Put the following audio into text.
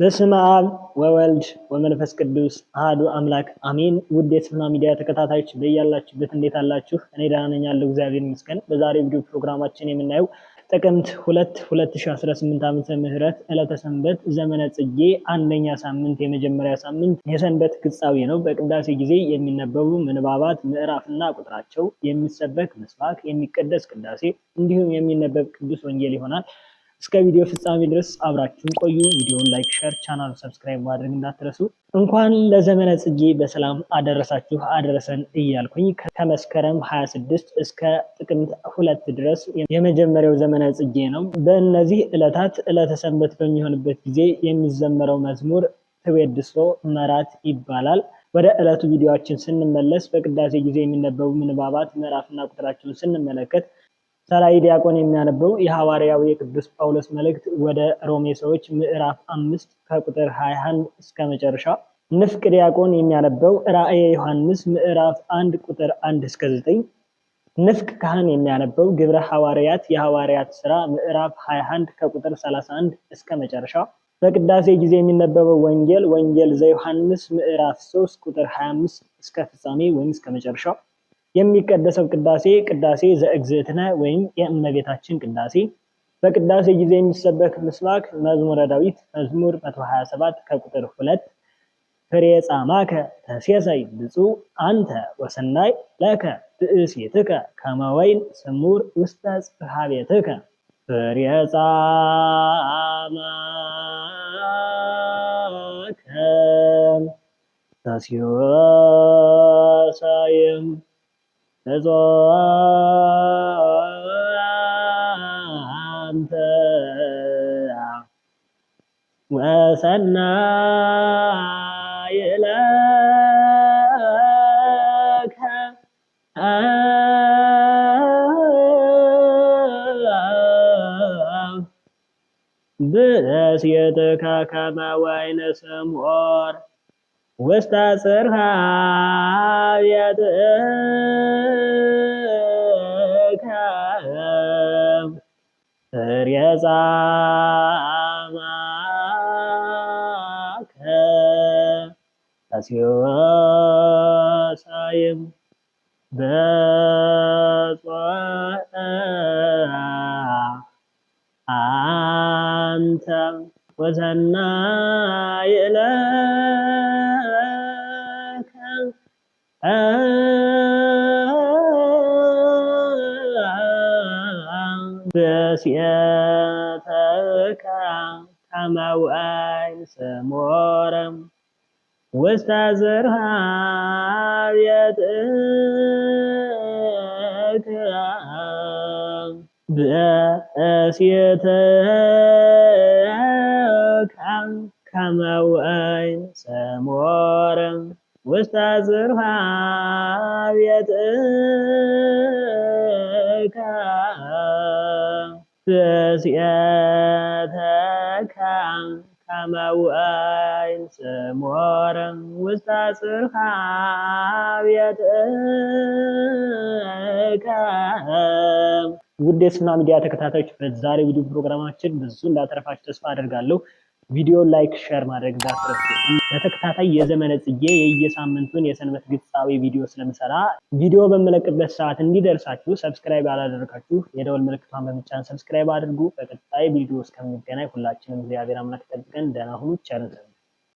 በስመ አብ ወወልድ ወመንፈስ ቅዱስ አህዱ አምላክ አሜን። ውድ የስፍና ሚዲያ ተከታታዮች በያላችሁበት እንዴት አላችሁ? እኔ ደህና ነኝ ያለው እግዚአብሔር ይመስገን። በዛሬ ቪዲዮ ፕሮግራማችን የምናየው ጥቅምት ሁለት 2018 ዓመተ ምህረት ዕለተ ሰንበት ዘመነ ጽጌ አንደኛ ሳምንት የመጀመሪያ ሳምንት የሰንበት ግጻዊ ነው። በቅዳሴ ጊዜ የሚነበቡ ምንባባት ምዕራፍና ቁጥራቸው፣ የሚሰበክ ምስባክ፣ የሚቀደስ ቅዳሴ እንዲሁም የሚነበብ ቅዱስ ወንጌል ይሆናል። እስከ ቪዲዮ ፍጻሜ ድረስ አብራችሁን ቆዩ። ቪዲዮን ላይክ፣ ሸር፣ ቻናሉ ሰብስክራይብ ማድረግ እንዳትረሱ። እንኳን ለዘመነ ጽጌ በሰላም አደረሳችሁ አደረሰን እያልኩኝ ከመስከረም 26 እስከ ጥቅምት ሁለት ድረስ የመጀመሪያው ዘመነ ጽጌ ነው። በእነዚህ ዕለታት ዕለተ ሰንበት በሚሆንበት ጊዜ የሚዘመረው መዝሙር ትቤድሶ መራት ይባላል። ወደ ዕለቱ ቪዲዮችን ስንመለስ በቅዳሴ ጊዜ የሚነበቡ ምንባባት ምዕራፍና ቁጥራቸውን ስንመለከት ተራይ ዲያቆን የሚያነበው የሐዋርያው የቅዱስ ጳውሎስ መልእክት ወደ ሮሜ ሰዎች ምዕራፍ አምስት ከቁጥር 21 እስከ መጨረሻ። ንፍቅ ዲያቆን የሚያነበው ራእየ ዮሐንስ ምዕራፍ አንድ ቁጥር አንድ እስከ ዘጠኝ። ንፍቅ ካህን የሚያነበው ግብረ ሐዋርያት የሐዋርያት ስራ ምዕራፍ 21 ከቁጥር 31 እስከ መጨረሻ። በቅዳሴ ጊዜ የሚነበበው ወንጌል ወንጌል ዘዮሐንስ ምዕራፍ 3 ቁጥር 25 እስከ ፍጻሜ ወይም እስከ መጨረሻ። የሚቀደሰው ቅዳሴ ቅዳሴ ዘእግዝእትነ ወይም የእመቤታችን ቅዳሴ፣ በቅዳሴ ጊዜ የሚሰበክ ምስባክ መዝሙረ ዳዊት መዝሙር 127 ከቁጥር 2 ፍሬ ጻማከ ተሴሳይ ብፁዕ አንተ ወሰናይ ለከ ብእሲትከ ከመ ወይን ስሙር ውስተ ጽፍሐ ቤትከ ፍሬ ጻማከ ተሴሳይም فسوى أنت وأسنا إليك برسيتك كما وين سمور ወስታሰርሃ አብያትከ ፍሬ ጻማከ አስዮሳይም በጾአ አንተ ወዘና በሴተካ ታማዋይን ሰሞረም ውስተ ዘርሃ ቤትከ በሴተካ ከማዋይን ሰሞረም ውስተ ዝርሃ ቤትከ ብእሲኤተከ ከመ ወእንስሞር ውስተ ዝርሃ ቤትከ። ውድ የስና ሚዲያ ተከታታዮች በዛሬ ቪዲዮ ፕሮግራማችን ብዙ እንዳተረፋችሁ ተስፋ አደርጋለሁ። ቪዲዮ ላይክ፣ ሸር ማድረግ እንዳትረሱ። በተከታታይ የዘመነ ጽጌ የየሳምንቱን የሰንበት ግሳዊ ቪዲዮ ስለምሰራ ቪዲዮ በምለቅበት ሰዓት እንዲደርሳችሁ ሰብስክራይብ ያላደረጋችሁ የደወል ምልክቷን በመጫን ሰብስክራይብ አድርጉ። በቀጣይ ቪዲዮ እስከምንገናኝ ሁላችንም እግዚአብሔር አምላክ ጠብቀን ደህና ሁኑ። ቸር